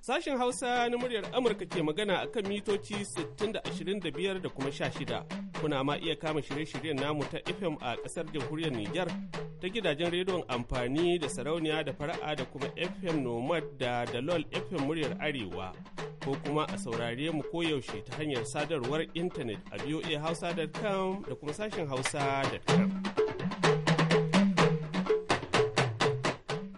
Sashen Hausa na muryar Amurka ke magana akan mitoci 60 da 25 da kuma 16. Kuna ma iya kama shirye-shiryen namu ta FM a ƙasar jamhuriyar Nijar ta gidajen rediyon amfani da sarauniya da fara'a da kuma FM Nomad da Dalol FM muryar Arewa. Ko kuma a saurare mu koyaushe ta hanyar sadarwar intanet a voahausa.com da kuma sashen hausa.com.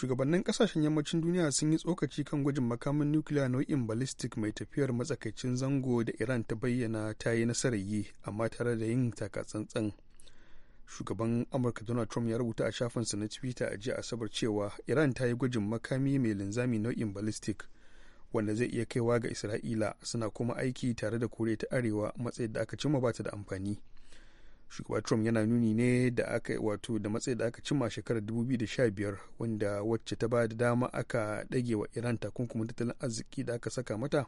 shugabannin kasashen yammacin duniya sun yi tsokaci kan gwajin makamin nukiliya nau'in ballistic mai tafiyar matsakaicin zango da iran ta bayyana ta yi nasarar yi amma tare da yin takatsantsan shugaban amurka donald trump ya rubuta a shafinsa na twitter a jiya asabar cewa iran ta yi gwajin makami mai linzami nau'in ballistic wanda zai iya kaiwa ga isra'ila suna kuma aiki tare da koriya ta arewa matsayin da aka cimma bata da amfani shugaba trump yana nuni ne da aka wato da matsayi da aka cimma shekarar 2015 wanda wacce ta ba da dama aka dage wa iran takunkumin tattalin arziki da aka saka mata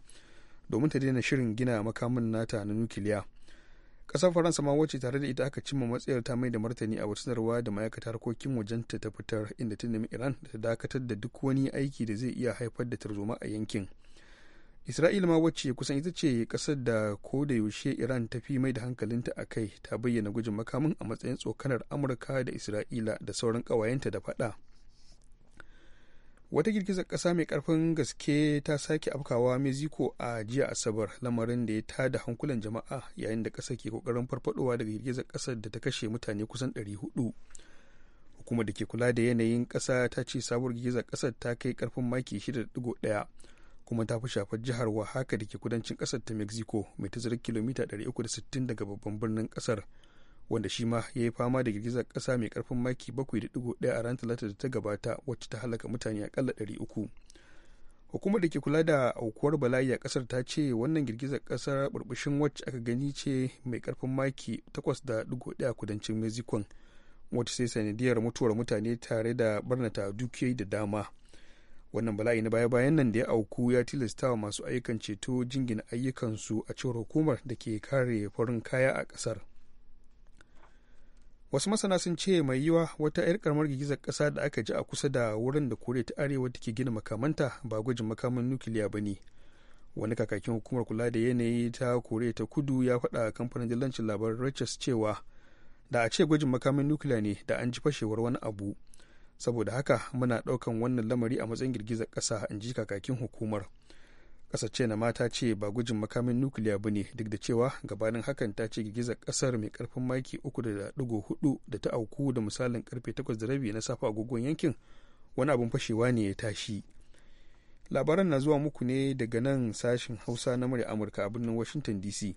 domin ta daina shirin gina makamin nata na nukiliya kasar faransa ma wacce tare da ita aka cimma matsayar ta mai da martani a wata sanarwa da ma'aikata harkokin wajenta ta fitar inda ta nemi iran da ta dakatar da duk wani aiki da zai iya haifar da tarzoma a yankin isra'ila ma wacce kusan ita ce kasar da ko da yaushe iran ta fi mai da hankalinta a kai ta bayyana gujin makamin a matsayin tsokanar amurka da isra'ila da sauran kawayenta da fada. wata girgizar ƙasa mai karfin gaske ta sake afkawa mexico a jiya asabar lamarin da ya tada hankulan jama'a yayin da kasar ke kokarin farfadowa daga girgizar kasar da ta kashe mutane kusan 400 hukumar da ke kula da yanayin ƙasa ta ce sabuwar girgizar kasar ta kai karfin maki 6.1 kuma ta fi shafar jihar Oaxaca da ke kudancin kasar ta Mexico mai tazarar kilomita 360 daga babban birnin kasar wanda shi ma ya yi fama da girgizar kasa mai karfin maki 7.1 a ran talata da ta gabata wacce ta halaka mutane akalla 300. Hukumar da ke kula da aukuwar bala'i a kasar ta ce wannan girgizar kasar burbushin wacce aka gani ce mai karfin maki 8.1 a kudancin Mexico wacce sai sanadiyar mutuwar mutane tare da barnata dukiyoyi da dama. wannan bala'i na baya-bayan nan da ya auku ya tilasta wa masu ayyukan ceto jingina ayyukansu a cewar hukumar da ke kare farin kaya a ƙasar wasu masana sun ce mai yiwa wata 'yar karamar girgizar ƙasa da aka ji a kusa da wurin da kore ta arewa take gina makamanta ba gwajin makaman nukiliya ba ne wani kakakin hukumar kula da yanayi ta kore ta kudu ya faɗa kamfanin dillancin labarin reuters cewa da a ce gwajin makamin nukiliya ne da an ji fashewar wani abu saboda haka muna ɗaukan wannan lamari a matsayin girgizar ƙasa in ji kakakin hukumar ƙasar na mata ce ba gujin makamin nukiliya ba ne duk da cewa gabanin hakan ta ce girgizar ƙasar mai karfin maki 3.4 da ta auku da misalin karfe 8:30 na safa agogon yankin wani abin fashewa ne ya tashi labaran na zuwa muku ne daga nan sashen hausa na murya amurka a birnin washington dc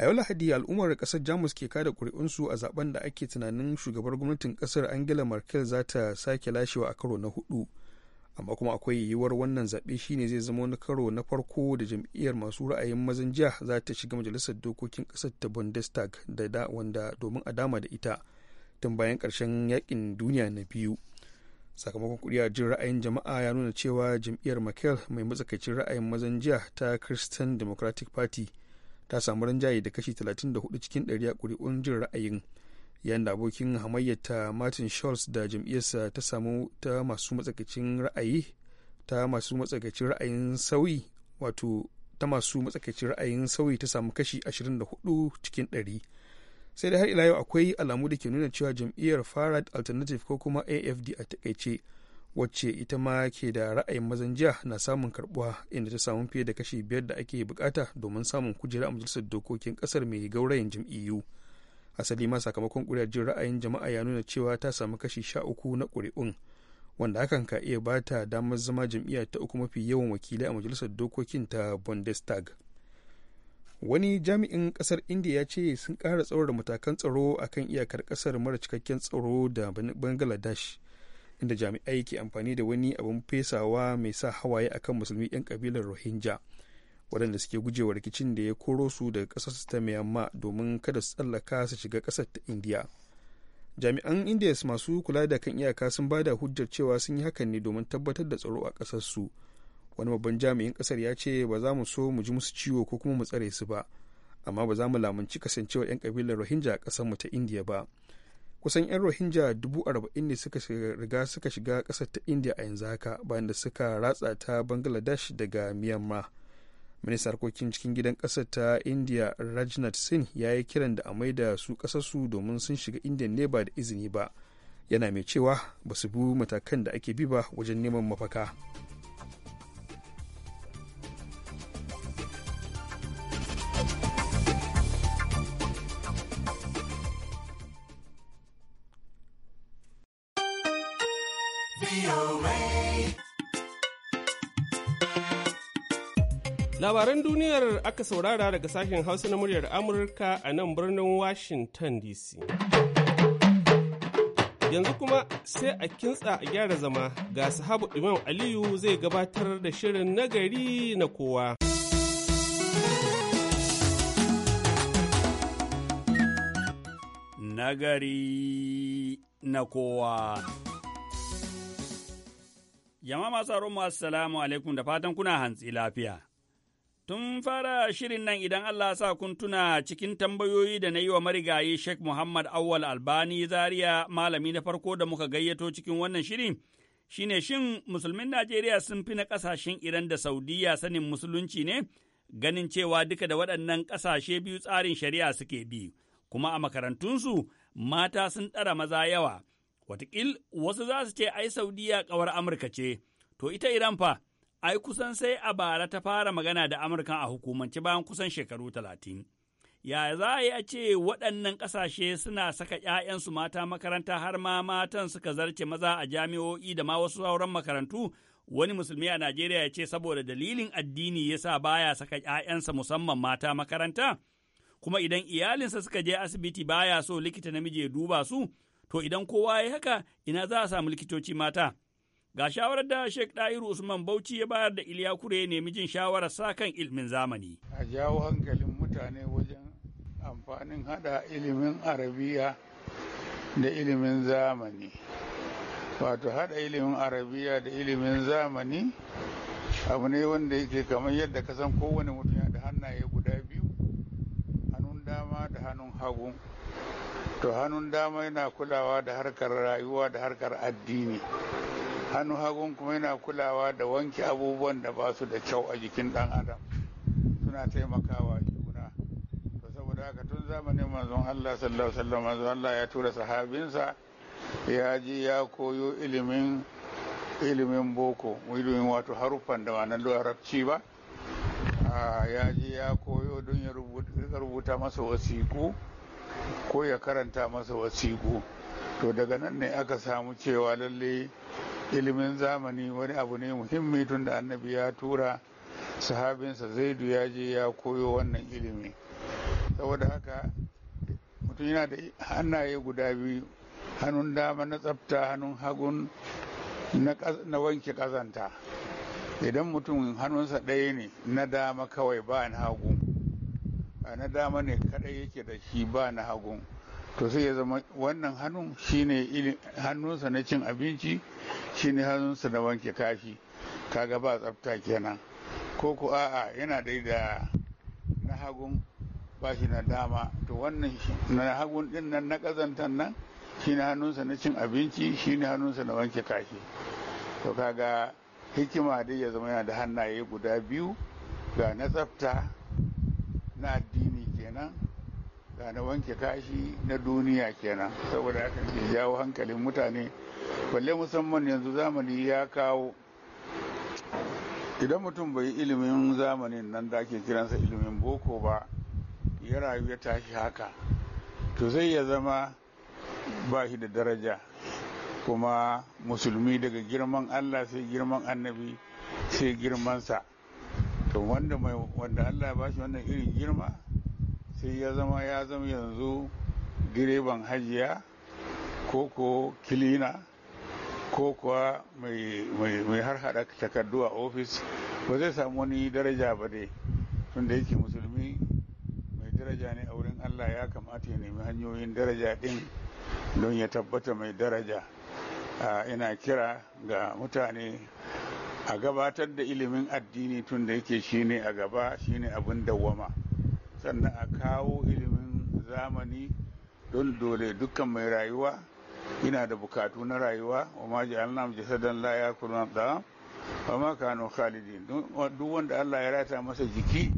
a yau lahadi al'ummar kasar jamus ke kada kuri'unsu a zaben da ake tunanin shugabar gwamnatin kasar angela merkel za ta sake lashewa a karo na hudu amma kuma akwai yiwuwar wannan zaɓe shine zai zama wani karo na farko da jam'iyyar masu ra'ayin mazan jiya za ta shiga majalisar dokokin kasar ta bundestag da da wanda domin a dama da ita tun bayan karshen yakin duniya na biyu sakamakon kuri'a jin ra'ayin jama'a ya nuna cewa jam'iyyar merkel mai matsakaicin ra'ayin mazan jiya ta christian democratic party ta samu rinjaye da kashi 34 cikin 100 a ƙuri'un jin ra'ayin yayin da abokin hamayyata martin scholz da jam'iyyarsa ta samu ta masu matsakaicin ra'ayi ta masu matsakaicin ra'ayin sauyi wato ta masu matsakaicin ra'ayin sauyi ta samu kashi 24 cikin 100 sai dai har ila yau akwai alamu da ke nuna cewa jam'iyyar farad alternative ko kuma afd a takaice wacce ita ma ke da ra'ayin mazan jiya na samun karbuwa inda ta samu fiye da kashi biyar da ake bukata domin samun kujera a majalisar dokokin kasar mai gaurayin jam'iyyu asali ma sakamakon kuri'ar jin ra'ayin jama'a ya nuna cewa ta samu kashi sha uku na kuri'un wanda hakan ka iya ba ta damar zama jam'iyyar ta uku mafi yawan wakilai a majalisar dokokin ta bundestag wani jami'in kasar india ya ce sun kara tsawar matakan tsaro akan iyakar kasar mara cikakken tsaro da bangladesh inda jami'ai ke amfani da wani abin fesawa mai sa hawaye akan musulmi 'yan kabilar rohingya waɗanda suke gujewa rikicin da ya koro su daga ƙasar ta myanmar domin kada su tsallaka su shiga ƙasar ta indiya jami'an indiya masu kula da kan iyaka sun ba da hujjar cewa sun yi hakan ne domin tabbatar da tsaro a ƙasar su wani babban jami'in ƙasar ya ce ba za mu so mu ji musu ciwo ko kuma mu tsare su ba amma ba za mu lamunci kasancewa 'yan kabilar rohingya a ƙasar mu ta indiya ba kusan 'yan rohingya 40,000 ne suka riga suka shiga ƙasar ta india a yanzu haka bayan da suka ratsa ta bangladesh daga myanmar ministan harkokin cikin gidan ƙasar ta india rajnat singh ya yi kiran da a maida su kasarsu domin sun shiga india ne ba da izini ba yana mai cewa ba su bi matakan da ake bi ba wajen neman mafaka. Labaran duniyar aka saurara daga sashen Hausa na muryar Amurka a nan birnin Washington DC. Yanzu kuma sai a kintsa a gyara zama ga sahabu Imam Aliyu zai gabatar da shirin nagari na kowa. Nagari na kowa. Jama'a masu mu assalamu alaikum da fatan kuna hantsi lafiya. Tun fara shirin nan idan Allah sa kun tuna cikin tambayoyi da na yi wa marigayi Sheikh Muhammad Awal Albani Zaria malami na farko da muka gayyato cikin wannan shirin shine shin musulmin Najeriya sun fi na ƙasashen Iran da Saudiya sanin musulunci ne ganin cewa duka da waɗannan ƙasashe biyu tsarin shari'a suke bi kuma a makarantunsu mata sun ɗara maza yawa. Watakil wasu za su ce ai Saudiya ƙawar Amurka ce, to ita Iran fa ai kusan sai a bara ta fara magana da Amurka a hukumance bayan kusan shekaru talatin. Ya za a yi a ce waɗannan ƙasashe suna saka ‘ya'yansu mata makaranta har ma matan suka zarce maza a jami'o'i da ma wasu sauran makarantu wani musulmi a Najeriya ya ce saboda dalilin addini ya sa baya saka ‘ya'yansa musamman mata makaranta, kuma idan iyalinsa suka je asibiti baya so likita namiji ya duba su, to idan kowa ya haka ina za a samu likitoci mata. Ga shawarar da Sheikh Ɗahiru Usman Bauchi ya bayar da Iliya Kure ya nemi jin shawarar sa kan ilimin zamani. A jawo hankalin mutane wajen amfanin hada ilimin Arabiya da ilimin zamani. Wato hada ilimin Arabiya da ilimin zamani abu ne wanda yake kamar yadda ka san kowane mutum ya da hannaye guda biyu, hannun dama da hannun hagu. To hannun dama yana kulawa da harkar rayuwa da harkar addini. hannu hagun kuma yana kulawa da wanke abubuwan da ba su da kyau a jikin ɗan adam suna taimakawa juna to saboda haka tun zamanin manzon Allah sallallahu alaihi manzon Allah ya tura sahabinsa ya ji ya koyo ilimin ilimin boko ilimin wato haruffan da ma'anar larabci ba ya ji ya koyo don ya rubuta masa wasiku ko ya karanta masa wasiku to daga nan ne aka samu cewa lallai ilimin zamani wani abu ne muhimmi tun da annabi ya tura sahabinsa zaidu ya je ya koyo wannan ilimi saboda haka mutum yana da hannaye guda biyu hannun dama na tsafta hannun hagun na wanke kazanta idan mutum hannunsa ɗaya ne na dama kawai ba na hagu na dama ne kaɗai yake da shi ba na hagu. to sai ya zama wannan hannun shine hannunsa na cin abinci shine hannunsa na wanke kashi kaga ba tsafta kenan ko ko a'a yana dai da na hagun ba shi na dama to wannan na hagun din nan na kazantan nan shine hannunsa na cin abinci shine hannunsa na wanke kashi to kaga hikima dai ya zama yana da hannaye guda biyu ga na tsafta na addini kenan na wanke kashi na duniya kenan saboda haka ke jawo hankalin mutane balle musamman yanzu zamani ya kawo idan mutum bai yi ilimin zamanin nan da ake kiransa ilimin boko ba ya rayu ya tashi haka to zai ya zama ba shi da daraja kuma musulmi daga girman allah sai girman annabi sai girmansa to wanda mai wanda allah ya bashi wannan irin girma sai ya zama ya zama yanzu direban hajiya ko ko kilina ko kuwa mai harhaɗa takardu a ofis ba zai samu wani daraja ba dai tunda yake musulmi mai daraja ne a wurin allah ya kamata ya nemi hanyoyin daraja ɗin don ya tabbata mai daraja ina kira ga mutane a gabatar da ilimin addini tunda yake shine a gaba shine abin dawwama. sannan a kawo ilimin zamani don dole dukkan mai rayuwa yana da bukatu na rayuwa wa ma ja'alna jasadan la yakuluna da wa ma kanu khalidin duk wanda Allah ya rata masa jiki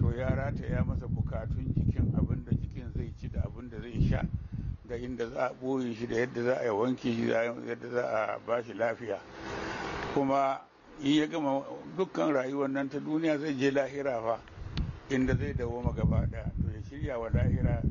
to ya rata ya masa bukatun jikin abin da jikin zai ci da abin da zai sha da inda za a ɓoye shi da yadda za a wanke shi da yadda za a ba shi lafiya kuma in ya gama dukkan rayuwar nan ta duniya zai je lahira fa inda zai dawoma gaba ɗaya to ya shirya wa lahira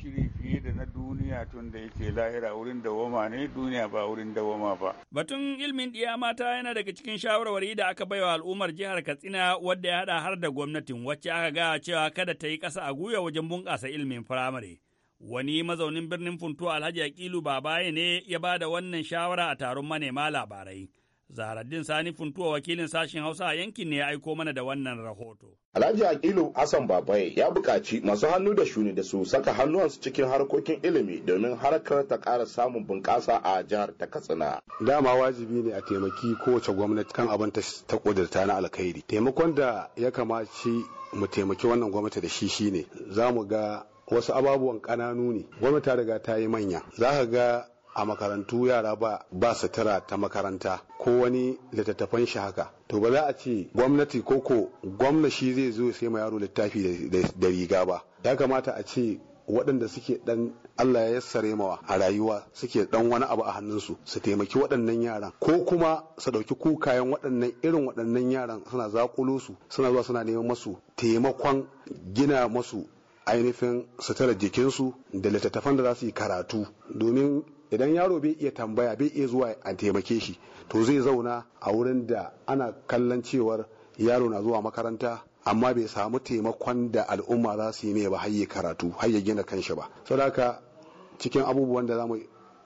shiri fiye da na duniya tun da yake lahira wurin dawoma ne duniya ba wurin dawoma ba. Batun ilmin ɗiya mata yana daga cikin shawarwari da aka baiwa al'ummar jihar Katsina wadda ya haɗa har da gwamnatin wacce aka gaya cewa kada ta yi ƙasa a guya wajen bunƙasa ilmin firamare. Wani mazaunin birnin Funtuwa Alhaji Akilu Babaye ne ya ba da wannan shawara a taron manema labarai. Zaharaddin Sani Funtuwa wakilin sashen Hausa a yankin ne ya aiko mana da wannan rahoto. Alhaji Akilu Hassan Babaye ya buƙaci masu hannu da shuni da su saka hannuwansu cikin harkokin ilimi domin harkar ta ƙara samun bunƙasa a jihar ta Katsina. Dama wajibi ne a taimaki kowace gwamnati kan abin ta ƙudurta na alkhairi. Taimakon da ya kamaci mu taimaki wannan gwamnati da shi shine za mu ga wasu ababuwan ƙananu ne gwamnati ta riga ta yi manya za ka ga a makarantu yara ba ba ta makaranta ko wani littattafan shi haka to ba za a ce gwamnati ko gwamna shi zai zo sai ma yaro littafi da riga ba ya kamata a ce waɗanda suke dan Allah ya yassare mawa a rayuwa suke dan wani abu a hannunsu su taimaki waɗannan yaran ko kuma su ɗauki kukayen waɗannan irin waɗannan yaran suna zakulo su suna zuwa suna neman masu taimakon gina masu ainihin sutura jikinsu da littattafan da za su yi karatu domin idan yaro bai iya tambaya bai iya zuwa a taimake shi to zai zauna a wurin da ana kallon cewar yaro na zuwa makaranta amma bai samu taimakon da al'umma za su yi mai ba har ya karatu har ya gina kanshi ba saboda cikin abubuwan da zamu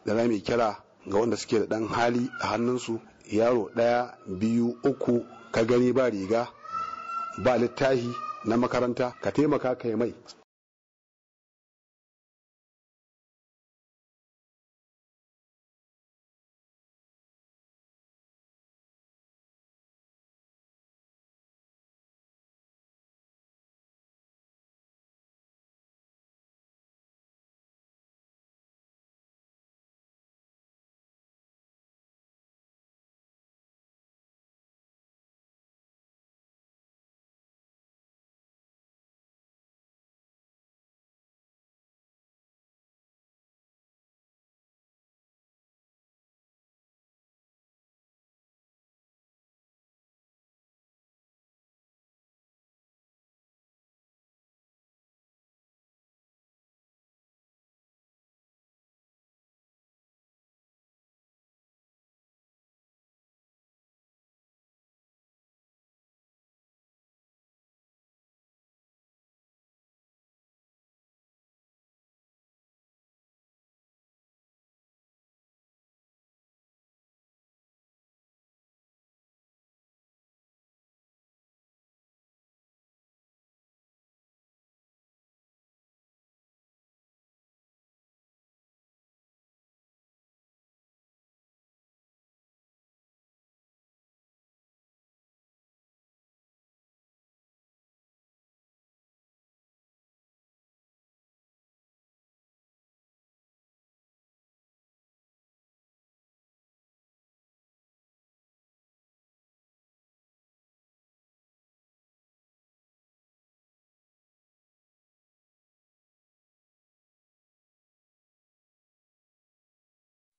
da zamu kira ga wanda suke da dan hali a hannunsu yaro ɗaya biyu uku ka gani ba riga ba littahi na makaranta ka taimaka kai mai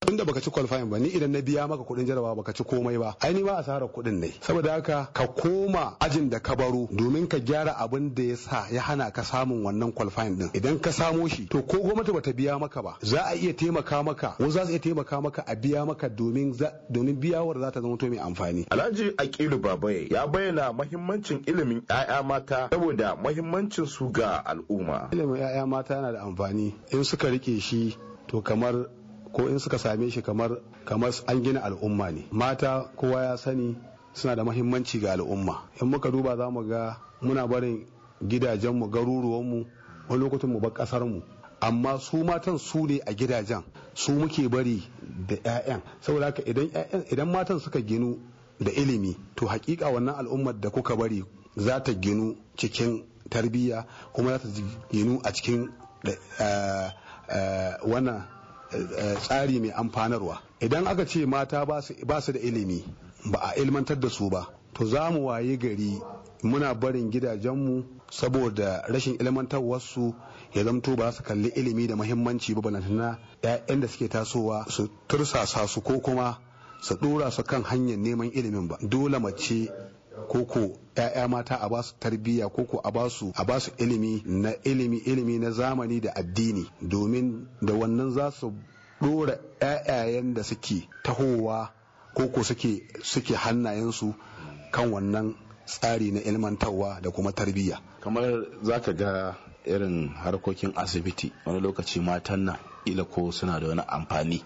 tunda baka ci qualifying ba ni idan na biya maka kuɗin jarabawa baka ci komai ba ai ni ma asarar kuɗin ne saboda haka ka koma ajin da ka baro domin ka gyara abin da ya sa ya hana ka samun wannan qualifying din idan ka samo shi to ko gwamnati bata biya maka ba za a iya taimaka maka wani za su iya taimaka maka a biya maka domin domin biyawar za ta zama to mai amfani Alhaji Akilu Babaye ya bayyana muhimmancin ilimin 'ya'ya mata saboda muhimmancin su ga al'umma ilimin 'ya'ya mata yana da amfani in suka rike shi to kamar ko in suka same shi kamar kamar an gina al'umma ne mata kowa ya sani suna da mahimmanci ga al'umma in muka duba za mu ga muna barin gidajenmu garuruwanmu wani lokacin mu bar ƙasarmu amma su matan su ne a gidajen su muke bari da 'ya'yan saboda haka idan idan matan suka ginu da ilimi to hakika wannan al'ummar da kuka bari za ta ginu cikin tarbiyya kuma za ta ginu a cikin eh, eh, wannan tsari mai amfanarwa idan aka ce mata ba su da ilimi ba a ilmantar da su ba to za mu waye gari muna barin gidajenmu saboda rashin ilmantarwarsu ya zamto ba su kalli ilimi da muhimmanci ba tana. 'ya'yan da suke tasowa su tursasa su ko kuma su dora su kan hanyar neman ilimin ba dole mace koko ‘ya'ya mata a basu tarbiyya koko a basu a basu ilimi na ilimi ilimi na zamani da addini domin da wannan za su dora ‘ya'yayen da suke tahowa koko suke suke hannayensu kan wannan tsari na ilmantarwa da kuma tarbiyya kamar za ka ga irin harkokin asibiti wani lokaci matan nan ila ko suna da wani amfani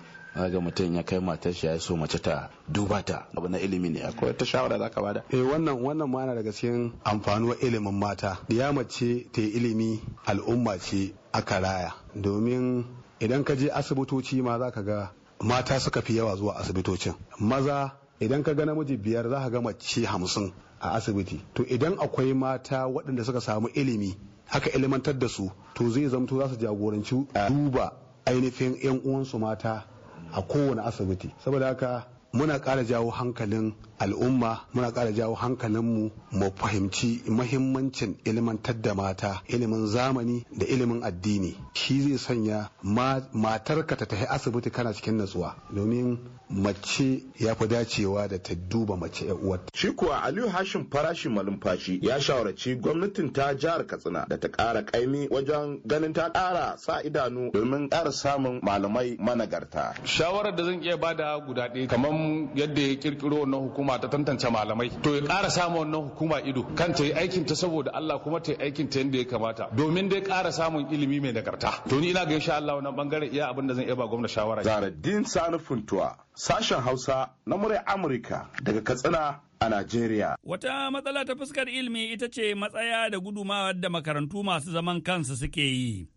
ga mutum ya kai matar shi ya so mace ta duba ta abu na ilimi ne akwai ta shawara za ka bada eh wannan wannan ma daga cikin amfanuwar ilimin mata ya mace ta yi ilimi al'umma ce aka raya domin idan ka je asibitoci ma za ka ga mata suka fi yawa zuwa asibitocin maza idan ka ga namiji biyar za ka ga mace hamsin a asibiti to idan akwai mata waɗanda suka samu ilimi aka ilimantar da su to zai zamto za su jagoranci duba ainihin 'yan uwansu mata a kowane asibiti saboda haka muna ƙara jawo hankalin al'umma muna ƙara jawo hankalinmu mu fahimci mahimmancin ilimantar da mata ilimin zamani da ilimin addini shi zai sanya matarka ta tafi asibiti kana cikin natsuwa domin mace ya fi dacewa da ta duba mace uwarta. Shi kuwa Aliyu hashin farashi malumfashi ya shawarci gwamnatin ta jihar Katsina da ta ƙara ƙaimi wajen ganin ta ƙara sa idanu domin ƙara samun malamai managarta. Shawarar da zan iya bada guda ɗaya kamar yadda ya ƙirƙiro na hukuma al'umma ta tantance malamai to ya ƙara samun wannan hukuma ido kan ta yi aikin ta saboda Allah kuma ta yi aikin ta yadda ya kamata domin dai ƙara samun ilimi mai nagarta to ni ina ga insha Allah wannan bangare iya abin da zan iya ba gwamnati shawara din Sani Funtuwa sashen Hausa na murai Amurka daga Katsina a Najeriya. Wata matsala ta fuskar ilimi ita ce matsaya da gudumawar da makarantu masu zaman kansu suke yi.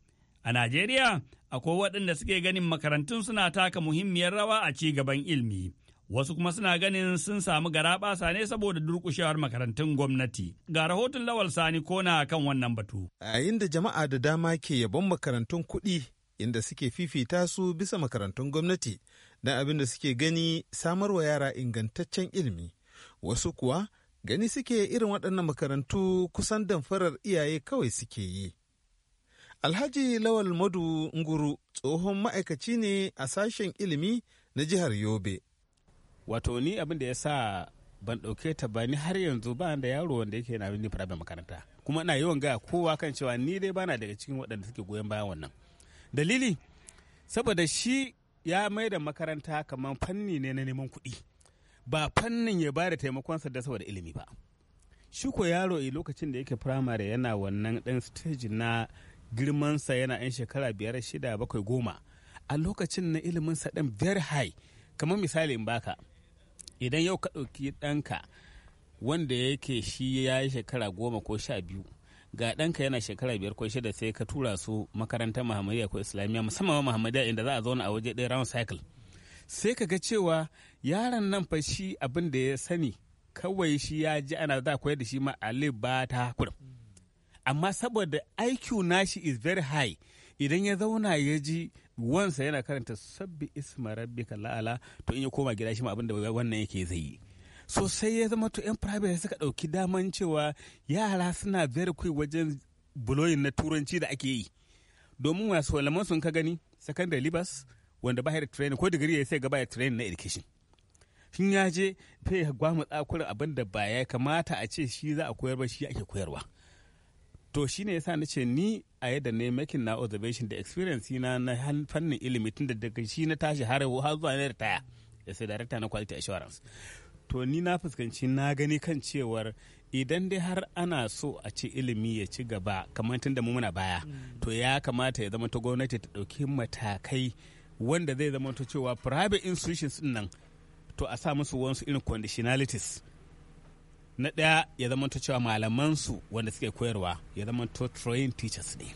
A Najeriya, akwai waɗanda suke ganin makarantun suna taka muhimmiyar rawa a ci gaban ilimi. wasu kuma suna ganin sun samu garaɓasa ne saboda durkushewar makarantun gwamnati. Ga rahoton Lawal Sani Kona kan wannan batu. A inda jama'a da dama ke yabon makarantun kuɗi inda suke fifita su bisa makarantun gwamnati don abin da suke gani samarwa yara ingantaccen ilimi. Wasu kuwa gani suke irin waɗannan makarantu kusan damfarar iyaye kawai suke yi. Alhaji Lawal Madu Nguru tsohon ma'aikaci ne a sashen ilimi na jihar Yobe. wato ni abin da ya sa ban ɗauke ta ba ni har yanzu ba da yaro wanda yake na ni firamin makaranta kuma ina yawan gaya kowa kan cewa ni dai bana daga cikin waɗanda suke goyon bayan wannan dalili saboda shi ya mai da makaranta kamar fanni ne na neman kuɗi ba fannin ya ba da taimakonsa da saboda ilimi ba shi ko yaro a eh, lokacin da yake firamare yana wannan dan stage na girmansa yana 'yan shekara biyar shida bakwai goma a lokacin na iliminsa ɗan very high kamar misali in baka idan yau ka ɗauki ɗanka wanda yake shi ya yi shekara goma ko sha biyu ga ɗanka yana shekara biyar ko shida sai ka tura su makarantar muhammadiyya ko islamiyya musamman muhammadiyya inda za a zauna a waje ɗaya round cycle sai ka ga cewa yaron nan fa shi abin da ya sani kawai shi ya ji ana za koyar da shi ma alif ba ta kurum amma saboda IQ nashi is very high idan ya zauna ya ji wansa yana karanta sabbi isma rabbika la'ala to in ya koma gida shi ma abin wannan yake zai yi so sai ya zama to yan private suka dauki daman cewa yara suna very quick wajen buloyin na turanci da ake yi domin wasu walaman sun ka gani secondary libas wanda ba da training ko digiri ya sai gaba ya training na education shin ya je sai ya gwamutsa kurin abin da ba ya kamata a ce shi za a koyar ba shi ake koyarwa to shi ne yasa ce ni a yadda ne making na observation da experience na na fannin ilimi tun da daga shi na tashi har har zuwa na taya. Ya sai director na quality assurance to ni na fuskanci na gani kan cewar idan dai har ana so a ci ilimi ya ci gaba kamar tun da muna baya mm. to ya kamata ya zama ta gwamnati ta ɗauki matakai wanda zai zama ta cewa private institutions nan to a sa musu wasu irin conditionalities na ɗaya ya zama to cewa su wanda suke koyarwa ya zama to trained teachers ne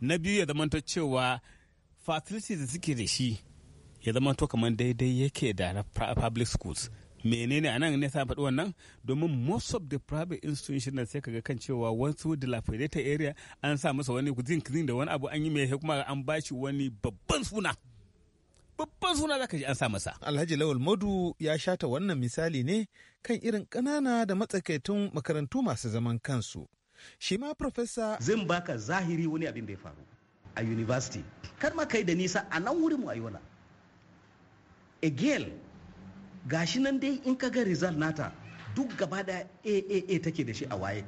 na biyu ya zama to cewa facilities da suke da shi ya zama to kamar daidai yake da na public schools menene anan ne sa faɗi wannan domin most of the private institution sai kaga kan cewa wasu dilapidated area an sa masa wani zinc da wani abu an yi mai kuma an bashi wani babban suna babban suna zaka ji an sa masa. Alhaji Lawal Madu ya shata wannan misali ne kan irin ƙanana da matsakaitun makarantu masu zaman kansu. Shi ma Profesa. Zan baka zahiri wani abin bai faru a university. Kar ma kai da nisa a nan wurin mu a yola. A gashi nan dai in ka ga result nata duk gaba da AAA take da shi a waye.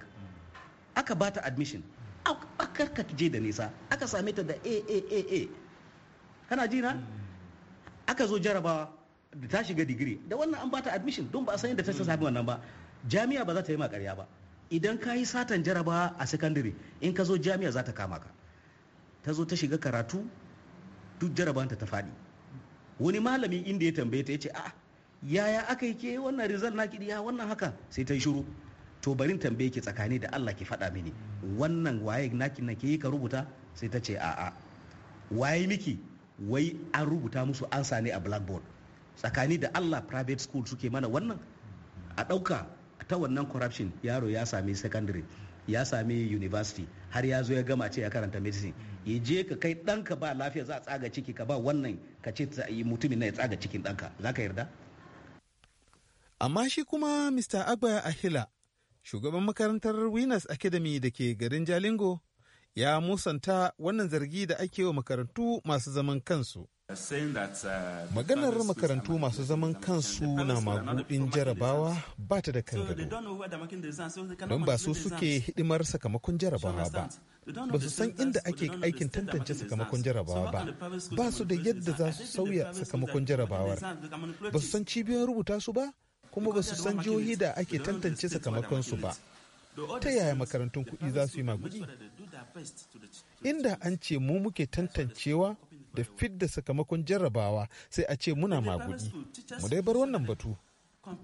Aka bata admission. Aka je da nisa. Aka same ta da AAA. Kana ji na? aka zo jarabawa da ta shiga digiri da wannan an bata admission don ba a san yadda ta sami wannan ba jami'a ba za ta yi ma ƙarya ba idan ka yi satan jarabawa a sakandare in ka zo jami'a za ta kama ka ta zo ta shiga karatu duk jarabanta ta faɗi wani malami inda ya tambaye ta ya ce a'a yaya aka yi ke wannan rizal na kiɗi ya wannan haka sai ta yi shiru to barin tambaye ki tsakani da Allah ki faɗa mini wannan waye naki na ke yi ka rubuta sai ta ce a'a waye miki wai an rubuta musu ansa ne a blackboard tsakani da allah private school suke mana wannan a ɗauka ta wannan corruption yaro ya sami secondary ya sami university har ya zo ya gama ce ya karanta medicine ya je ka kai ɗanka ba lafiya za a tsaga ciki ka ba wannan ka ce mutumin na ya tsaga cikin ɗanka za ka yarda amma shi kuma mr agba ahila shugaban makarantar winners academy da ke garin jalingo ya musanta wannan zargi da ake wa makarantu masu zaman kansu. Maganar makarantu masu zaman kansu na magudin jarabawa ba ta da kan gado. Don ba su suke hidimar sakamakon jarabawa ba. Ba su san inda ake aikin tantance sakamakon jarabawa ba. Ba su da yadda za su sauya sakamakon jarabawar. Ba su san cibiyar rubuta su ba, kuma ba su san jihohi da ake tantance sakamakonsu ba. ta yaya makarantun kuɗi za su yi maguɗi inda an ce mu muke tantancewa da fidda sakamakon jarrabawa sai a ce muna maguɗi mu dai bar wannan batu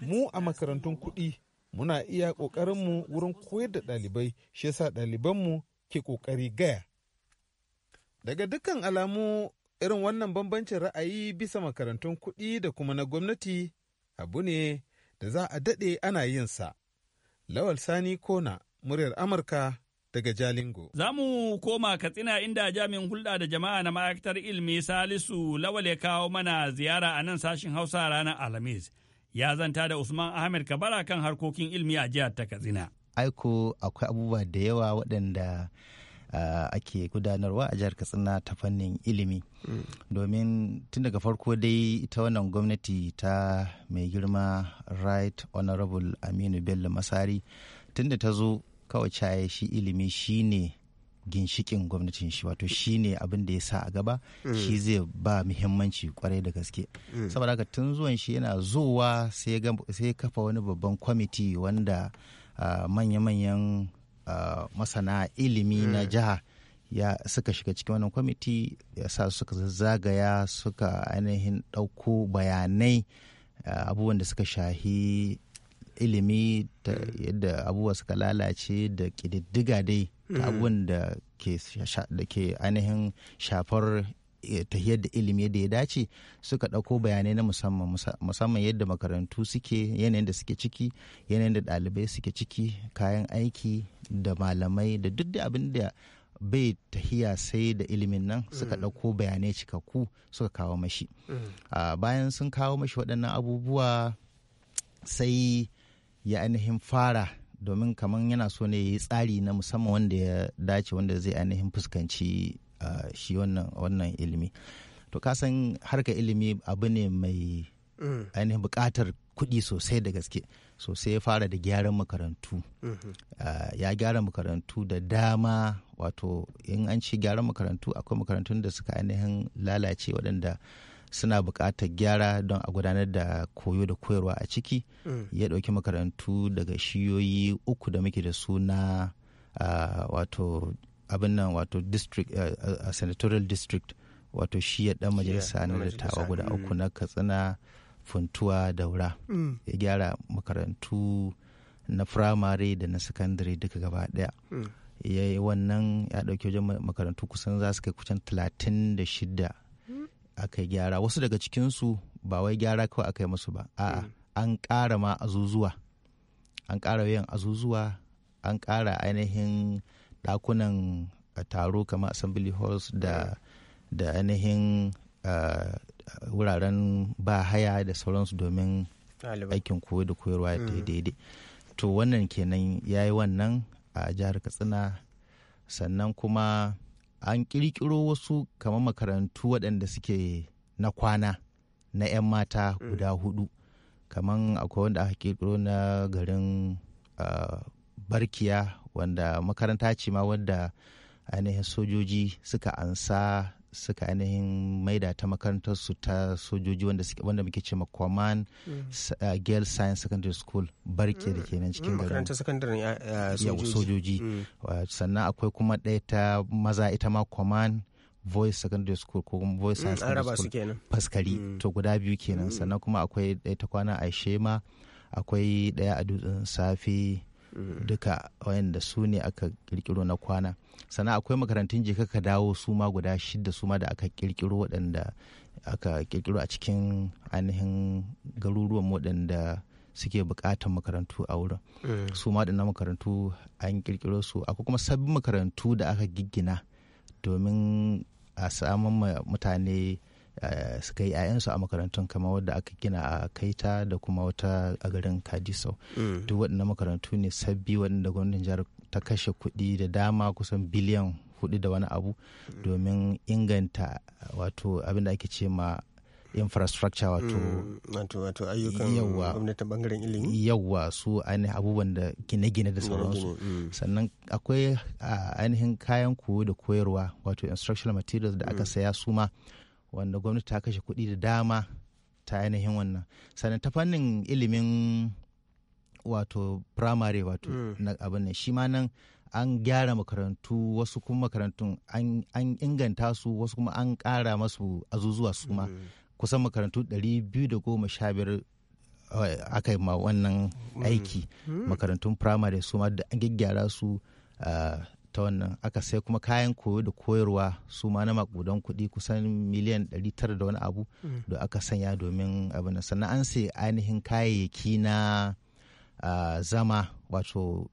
mu a makarantun kuɗi muna iya ƙoƙarinmu wurin koyar da ɗalibai shi yasa ɗalibanmu ke ƙoƙari gaya daga dukkan alamu irin wannan bambancin ra'ayi bisa makarantun kuɗi da kuma na gwamnati abu ne da za a daɗe ana yin sa Lawal Sani Kona, muryar Amurka daga Jalingo. Za mu koma Katsina inda jami'in hulɗa da jama'a na ma'aikatar ilmi Salisu Lawal ya kawo mana ziyara a nan sashen Hausa ranar Alhamis. Ya zanta da Usman Ahmed Kabara kan harkokin ilmi a jihar ta Katsina. Aiko akwai abubuwa da yawa waɗanda ake gudanarwa a jihar katsina ta fannin ilimi domin tun daga farko dai ita wannan gwamnati ta mai girma right honorable aminu bello masari tun da ta zo kawai caye shi ilimi shine ginshikin gwamnatin shi wato shine abin da ya sa a gaba shi zai ba muhimmanci kwarai da gaske saboda haka tun zuwan shi yana zuwa sai ya kafa wani babban kwamiti wanda manya-manyan masana ilimi na mm. jiha ya suka shiga cikin wannan kwamiti ya sa suka zagaya suka ainihin ɗauko bayanai abubuwan da suka shahi ilimi ta mm. yadda abubuwa suka lalace da ƙididdiga dai mm. abubuwan da ke ainihin shafar tahiyar da ilimi yadda ya dace suka ɗauko bayanai na musamman musamman yadda makarantu suke yanayin da suke ciki yanayin da ɗalibai suke ciki kayan aiki da malamai da duk da abin da bai tahiya sai da ilimin nan suka mm. ɗauko bayanai cikakku suka kawo mashi mm. bayan sun kawo mashi waɗannan abubuwa sai ya ainihin fara domin kamar yana so ne ya yi tsari na musamman wanda ya dace wanda zai ainihin fuskanci shi wannan ilimi to kasan harka ilimi abu ne mai mm. ainihin bukatar kuɗi sosai da gaske sosai ya fara da gyaran makarantu mm-hmm. ya gyara makarantu da dama wato in an ce gyaran makarantu akwai makarantun da suka ainihin lalace waɗanda suna buƙatar gyara don a gudanar da koyo da koyarwa a ciki mm. ya ɗauki makarantu daga shiyoyi uku da muke da su wato abin nan wato district a senatorial district wato shi ya dan majalisa na dattawa guda uku mm. na katsina funtuwa daura mm. ya gyara makarantu na firamare da na sakandare duka gaba daya mm. ya yi wannan ya dauki wajen makarantu kusan za su kai kucin talatin da shida aka gyara wasu daga cikinsu ba wai gyara kawai aka yi musu ba a'a an ƙara ma azuzuwa an ƙara yin azuzuwa an ƙara ainihin ɗakunan taro kamar assembly halls da da ainihin wuraren ba haya da sauransu domin aikin koyo da koyarwa mm. daidai to wannan kenan ya yi wannan a jihar katsina sannan kuma an kirkiro wasu kamar makarantu waɗanda suke na kwana na 'yan mata mm. guda hudu kamar akwai wanda aka kirkiro na garin barkiya wanda makaranta ce ma wadda ainihin sojoji suka ansa suka ainihin maida ta makarantar su ta sojoji wanda muke ce makwaman mm. uh, Girl Science Secondary School barke da ke nan cikin mm. Mm. garin makarantar uh, uh, sojoji sannan akwai kuma ɗaya ta maza ita ma voice secondary school ko kuma voice science secondary school faskari to guda biyu kenan sannan kuma akwai ɗaya ta kwana a shema akwai ɗaya a dutsen safi duka wayanda su ne aka kirkiro na kwana sannan akwai makarantun jika ka dawo su ma guda shida su ma da aka kirkiro waɗanda aka kirkiro a cikin ainihin garuruwan waɗanda suke bukatan makarantu a wurin mm. su ma na makarantu an kirkiro su akwai kuma sabbin makarantu da aka giggina domin a samun mutane Eh, suka yi 'ya'yansu a makarantun kamar wadda aka gina a kaita da kuma wata a garin kadiso mm. duk waɗannan makarantu ne sabbi waɗanda gwamnatin jihar ta kashe kuɗi da dama kusan biliyan hudu da wani abu domin inganta wato abin da ake ce ma infrastructure wato mm, wato ayyukan gwamnatin bangaren ilimi yawa su ainihin abubuwan da gine-gine da sauransu mm. sannan akwai ah, ainihin kayan koyo da koyarwa wato instructional materials da aka saya su ma wanda gwamnati ta kashe kuɗi da dama ta ainihin wannan sannan ta fannin ilimin wato primary wato mm. na abin nan shi ma nan an gyara makarantu wasu kuma makarantun an inganta su wasu kuma an ƙara masu azuzuwa su ma mm. kusan makarantu 215 eh, aka yi ma wannan mm. aiki makarantun primary su ma da an gyaggyara su ah, ta wannan aka sai kuma kayan koyo da koyarwa su ma na makudan kuɗi kusan miliyan 900 da wani abu mm. da aka sanya domin abin sannan an sai ainihin kayayyaki na zama wato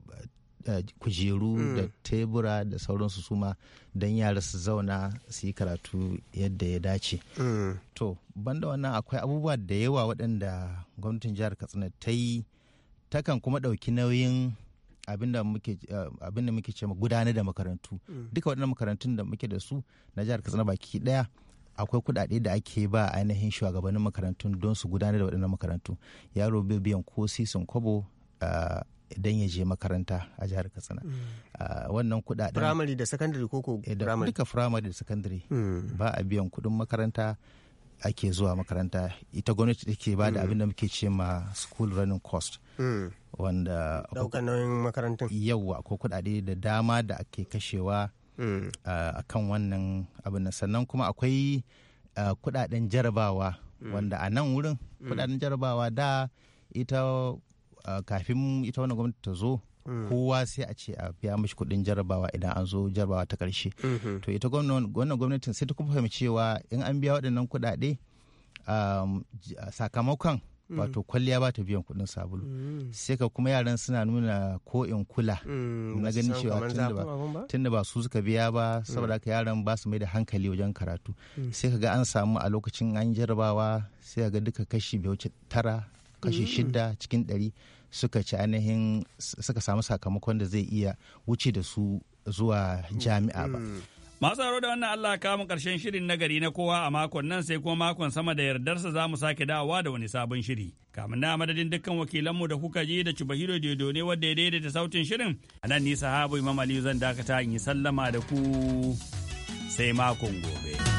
kujeru mm. da tebura da sauransu su ma don yara su zauna su yi karatu yadda ya dace mm. to banda wannan akwai abubuwa da yawa waɗanda gwamnatin jihar katsina ta yi takan kuma ɗauki nauyin Eh, abin da muke ce gudanar da makarantu mm. duka waɗannan makarantun da muke da su na jihar katsina baki ɗaya akwai kuɗaɗe da ake ba ainihin shugabannin makarantun don su gudanar da waɗannan makarantu yaro bai biyan ko sisin kwabo idan eh, ya je makaranta a jihar katsina mm. ah, wannan kudaden primary da secondary ko ko eh, primary duka primary da secondary mm. ba a biyan kudin makaranta ake zuwa makaranta ita gwamnati take ba da mm. abin da muke ce ma school running cost mm. wanda nauyin makarantar yawa ko kudade da dama da ake kashewa mm. a kan wannan abin nan sannan kuma akwai kudaden jarabawa wanda a nan wurin kudaden jarabawa da ita kafin ita wannan gwamnati ta zo Mm. kowa sai a ce a biya mashi kuɗin jarabawa idan an zo jarabawa ta ƙarshe mm-hmm. to ita wannan gwamnatin sai ta kuma fahimci cewa in an biya waɗannan kuɗaɗe um, sakamakon mm. wato kwalliya ba ta biyan kuɗin sabulu mm. sai ka kuma yaran suna nuna ko in kula na ganin cewa tun da ba su suka biya ba saboda ka yaran ba su mai da hankali wajen karatu sai ka ga an samu a lokacin an jarabawa sai ka ga duka kashi bai wuce tara kashi shida cikin ɗari suka ci ainihin suka samu sakamakon da zai iya wuce da su zuwa jami'a ba. Mm. Masu haro da wannan Allah kamun karshen shirin na gari na kowa a makon nan sai kuma makon sama da yardarsa za mu sake dawowa da wani sabon shiri. Kamun na madadin dukkan wakilanmu da kuka je da Cibahiro Dodo ne wadda ya daidaita sautin shirin. A nan ni habu Imam Aliyu zan dakata in yi sallama da ku sai makon gobe.